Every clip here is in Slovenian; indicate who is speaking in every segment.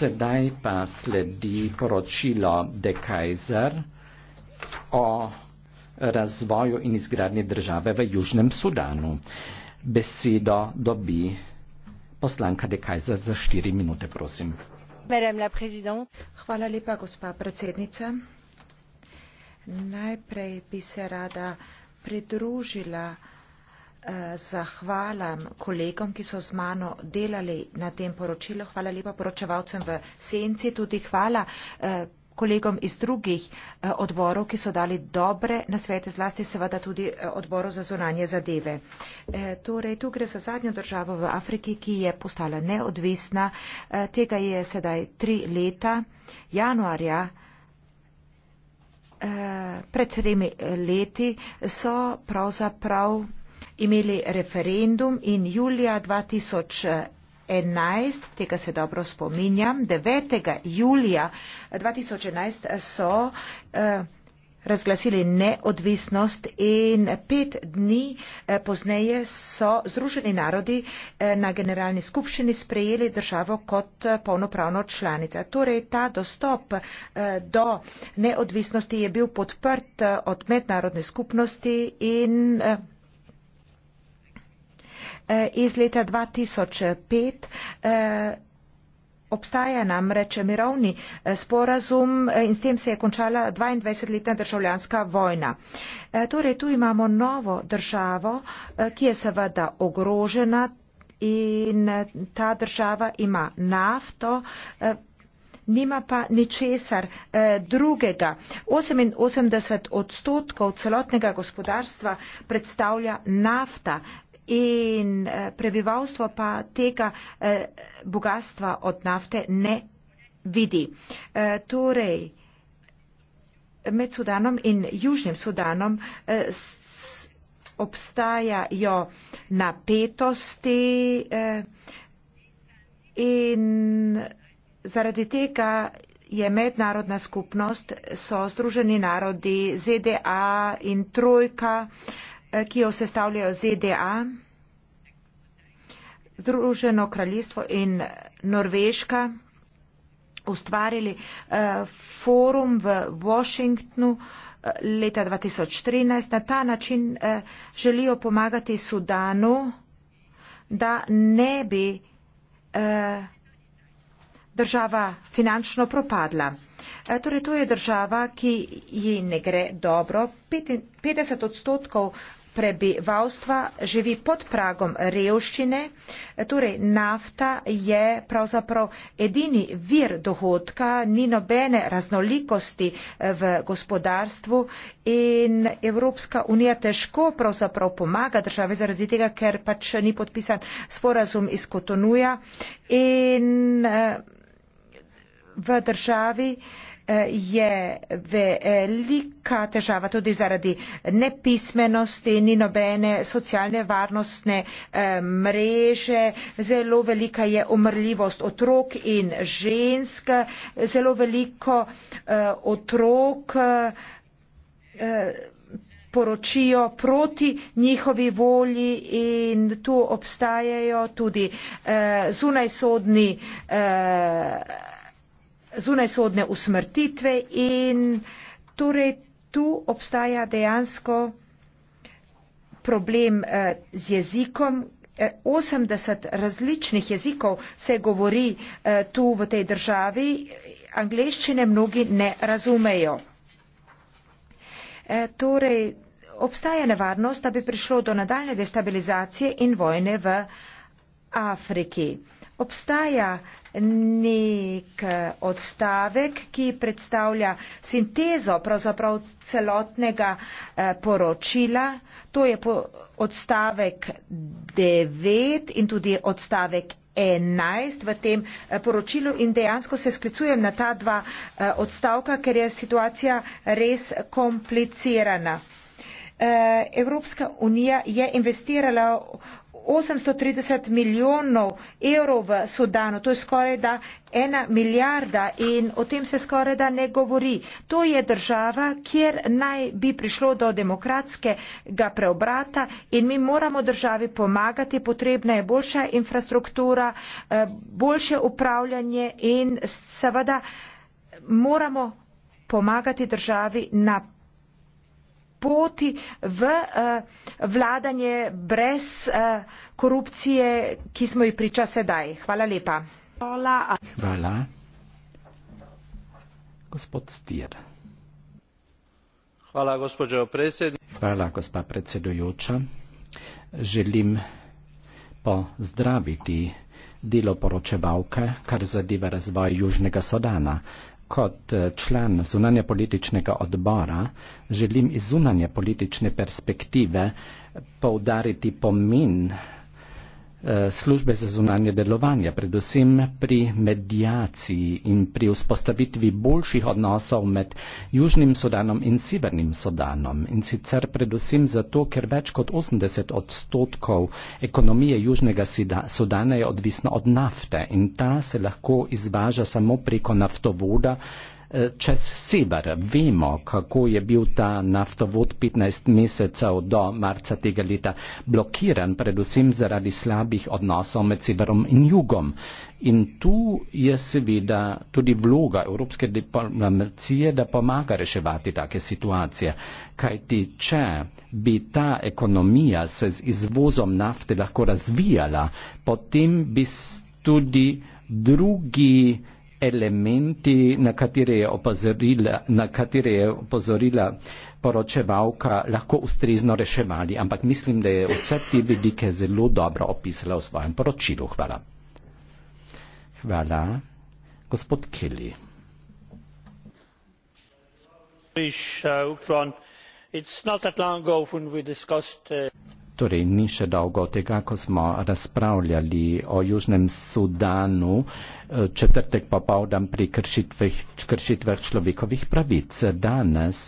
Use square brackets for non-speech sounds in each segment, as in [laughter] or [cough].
Speaker 1: Sedaj pa sledi poročilo De Kaiser o razvoju in izgradnji države v Južnem Sudanu. Besedo dobi poslanka De Kaiser za štiri minute, prosim.
Speaker 2: Hvala lepa, gospa predsednica. Najprej bi se rada pridružila zahvalam kolegom, ki so z mano delali na tem poročilu. Hvala lepa poročevalcem v senci, tudi hvala eh, kolegom iz drugih eh, odborov, ki so dali dobre nasvete, zlasti seveda tudi eh, odboru za zunanje zadeve. Torej, tu gre za zadnjo državo v Afriki, ki je postala neodvisna. Tega je sedaj tri leta. Januarja pred tremi leti so pravzaprav. Prav imeli referendum in julija 2000. 11, tega se dobro spominjam, 9. julija 2011 so eh, razglasili neodvisnost in pet dni eh, pozneje so Združeni narodi eh, na generalni skupščini sprejeli državo kot eh, polnopravno članica. Torej, ta dostop eh, do neodvisnosti je bil podprt eh, od mednarodne skupnosti in. Eh, Eh, iz leta 2005. Eh, obstaja namreč mirovni eh, sporazum in s tem se je končala 22-letna državljanska vojna. Torej, tu imamo novo državo, ki je seveda ogrožena in ta država ima nafto, nima pa ničesar drugega. 88 odstotkov celotnega gospodarstva predstavlja nafta in eh, prebivalstvo pa tega eh, bogatstva od nafte ne vidi. Eh, torej, med Sudanom in Južnim Sudanom obstajajo napetosti in zaradi tega je mednarodna skupnost, so združeni narodi, ZDA in Trojka eh, Eh, ki jo sestavljajo ZDA, Združeno kraljestvo in Norveška ustvarili uh, forum v Washingtonu uh, leta 2013. Na ta način uh, želijo pomagati Sudanu, da ne bi uh, država finančno propadla. Uh, torej, to je država, ki ji ne gre dobro. Peti, 50 odstotkov uh, prebivalstva živi pod pragom revščine, torej nafta je pravzaprav edini vir dohodka, ni nobene raznolikosti eh, v gospodarstvu in Evropska unija težko pravzaprav pomaga države zaradi tega, ker pač ni podpisan sporazum iz Kotonuja in eh, v državi je velika težava tudi zaradi nepismenosti, ni nobene socialne varnostne eh, mreže, zelo velika je umrljivost otrok in žensk, zelo veliko eh, otrok eh, poročijo proti njihovi volji in tu obstajajo tudi zunajsodni zunajsodne usmrtitve in torej tu obstaja dejansko problem eh, z jezikom. 80 eh, različnih jezikov se govori eh, tu v tej državi, angleščine mnogi ne razumejo. Torej, obstaja nevarnost, da bi prišlo do nadaljne destabilizacije in vojne v Afriki. Obstaja ni. Ne... Eh, odstavek, ki predstavlja sintezo pravzaprav celotnega eh, poročila. To je odstavek 9 in tudi odstavek 11 v tem eh, poročilu in dejansko se sklicujem na ta dva odstavka, ker je situacija res komplicirana. Evropska unija je investirala 830 milijonov evrov v Sudanu, to je skoraj da ena milijarda in o tem se skoraj da ne govori. To je država, kjer naj bi prišlo do demokratskega preobrata in mi moramo državi pomagati, potrebna je boljša infrastruktura, eh, boljše upravljanje in seveda moramo pomagati državi na poti v eh, vladanje brez eh, korupcije, ki smo ji priča sedaj. Hvala lepa. Hvala.
Speaker 1: Hvala. Gospod Stier. Hvala, gospođo predsednica. Hvala, gospa predsedujoča. Želim pozdraviti delo poročevalke, kar zadeva razvoj Južnega Sodana kot eh, član zunanje političnega odbora želim iz zunanje politične perspektive poudariti pomen Eh, službe za zunanje delovanje, predvsem pri medijaciji in pri vzpostavitvi boljših odnosov med Južnim Sudanom in Severnim Sudanom. In sicer predvsem zato, ker več kot 80 odstotkov ekonomije Južnega Sudana je odvisna od nafte in ta se lahko izvaža samo preko naftovoda čez Sibar. Vemo, kako je bil ta naftovod 15 mesecev do marca tega leta blokiran, predvsem zaradi slabih odnosov med Sibarom in Jugom. In tu je seveda tudi vloga Evropske diplomacije, da pomaga reševati take situacije. Kaj ti, če bi ta ekonomija se z izvozom nafte lahko razvijala, potem bi tudi drugi elementi, na katere je opozorila, na katere je opozorila poročevalka, lahko ustrezno reševali, ampak mislim, da je vse te vidike zelo dobro opisala v svojem poročilu. Hvala. Hvala. Gospod Kelly. Uh, it's not that long ago when we discussed uh Torej, ni še dolgo tega, ko smo razpravljali o Južnem Sudanu eh, četrtek popovdan pri kršitveh, kršitveh človekovih pravic. Danes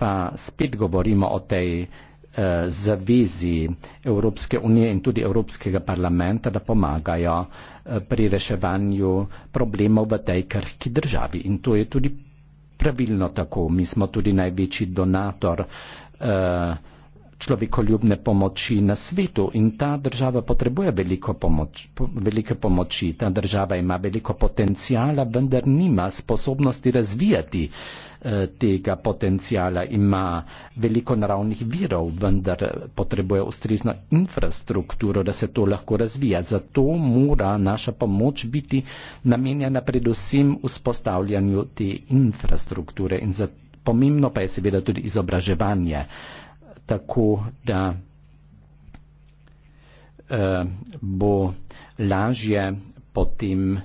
Speaker 1: pa spet govorimo o tej eh, zavizi Evropske unije in tudi Evropskega parlamenta, da pomagajo eh, pri reševanju problemov v tej krhki državi. In to je tudi pravilno tako. Mi smo tudi največji donator. Eh, človekoljubne pomoči na svetu in ta država potrebuje veliko pomoč, po, velike pomoči. Ta država ima veliko potencijala, vendar nima sposobnosti razvijati eh, tega potencijala. Ima veliko naravnih virov, vendar potrebuje ustrezno infrastrukturo, da se to lahko razvija. Zato mora naša pomoč biti namenjena predvsem vzpostavljanju te infrastrukture in zato pomembno pa je seveda tudi izobraževanje tako da eh, bo lažje potem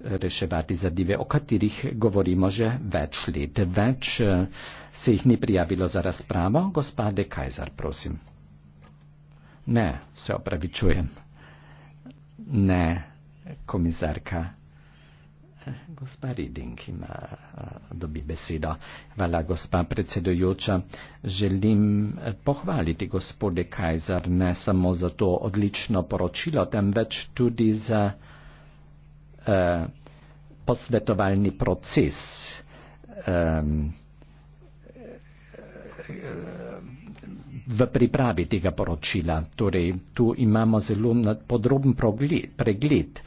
Speaker 1: reševati zadive, o katerih govorimo že več let. Več eh, se jih ni prijavilo za razpravo. Gospode Kajzer, prosim. Ne, se opravičujem. Ne, komisarka Gospa Riding ima, dobi besedo. Hvala, gospa predsedojoča. Želim eh, pohvaliti gospode Kajzer ne samo za to odlično poročilo, temveč tudi za eh, posvetovalni proces. V pripravi tega poročila. Torej, tu imamo zelo podroben pregled,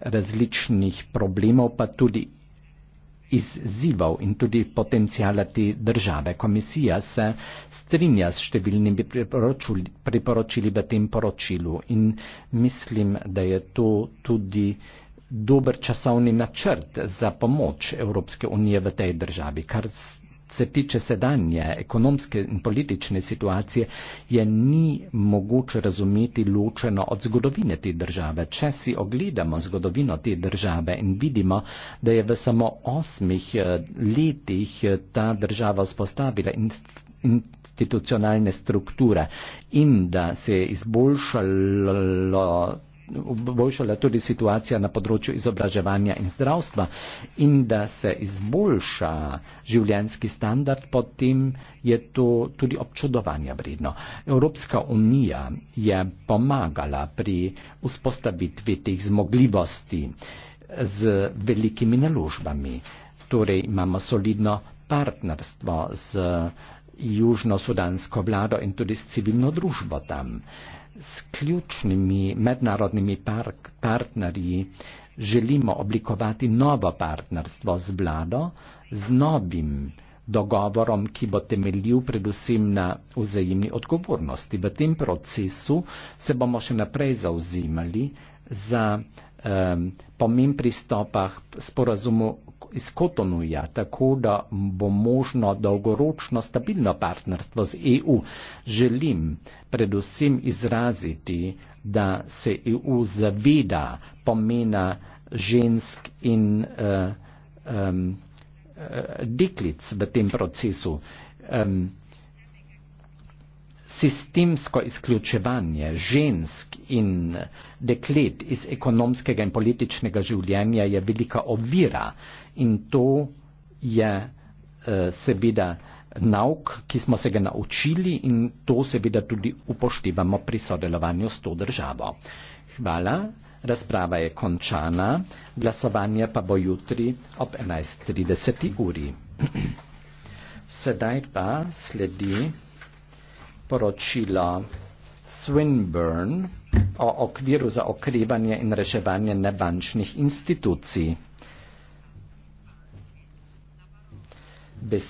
Speaker 1: različnih problemov, pa tudi izzivov in tudi potencijala te države. Komisija se strinja s številnimi priporočili v tem poročilu in mislim, da je to tudi dober časovni načrt za pomoč Evropske unije v tej državi, kar se tiče sedanje ekonomske in politične situacije, je ni mogoče razumeti ločeno od zgodovine te države. Če si ogledamo zgodovino te države in vidimo, da je v samo osmih eh, letih eh, ta država spostavila in institucionalne strukture in da se je izboljšalo boljšala tudi situacija na področju izobraževanja in zdravstva in da se izboljša življenski standard, potem je to tudi občudovanja vredno. Evropska unija je pomagala pri vzpostavitvi teh zmogljivosti z velikimi naložbami. Torej imamo solidno partnerstvo z južnosudanska vlada in tudi s civilno družbo tam, s ključnimi mednarodnimi par partnerji želimo oblikovati novo partnerstvo z vlado, z novim dogovorom, ki bo temeljil predvsem na vzajemni odgovornosti. V tem procesu se bomo še naprej zauzimali, za um, pomen pristopah sporazumu iz Kotonuja, tako da bo možno dolgoročno stabilno partnerstvo z EU. Želim predvsem izraziti, da se EU zaveda pomena žensk in uh, um, deklic v tem procesu. Um, sistemsko izključevanje žensk in deklet iz ekonomskega in političnega življenja je velika ovira in to je eh, seveda nauk, ki smo se ga naučili in to seveda tudi upoštevamo pri sodelovanju s to državo. Hvala, razprava je končana, glasovanje pa bo jutri ob 11.30 uri. [clears throat] Sedaj pa sledi poročila Swinburne o okviru za okrevanje in reševanje nebančnih institucij.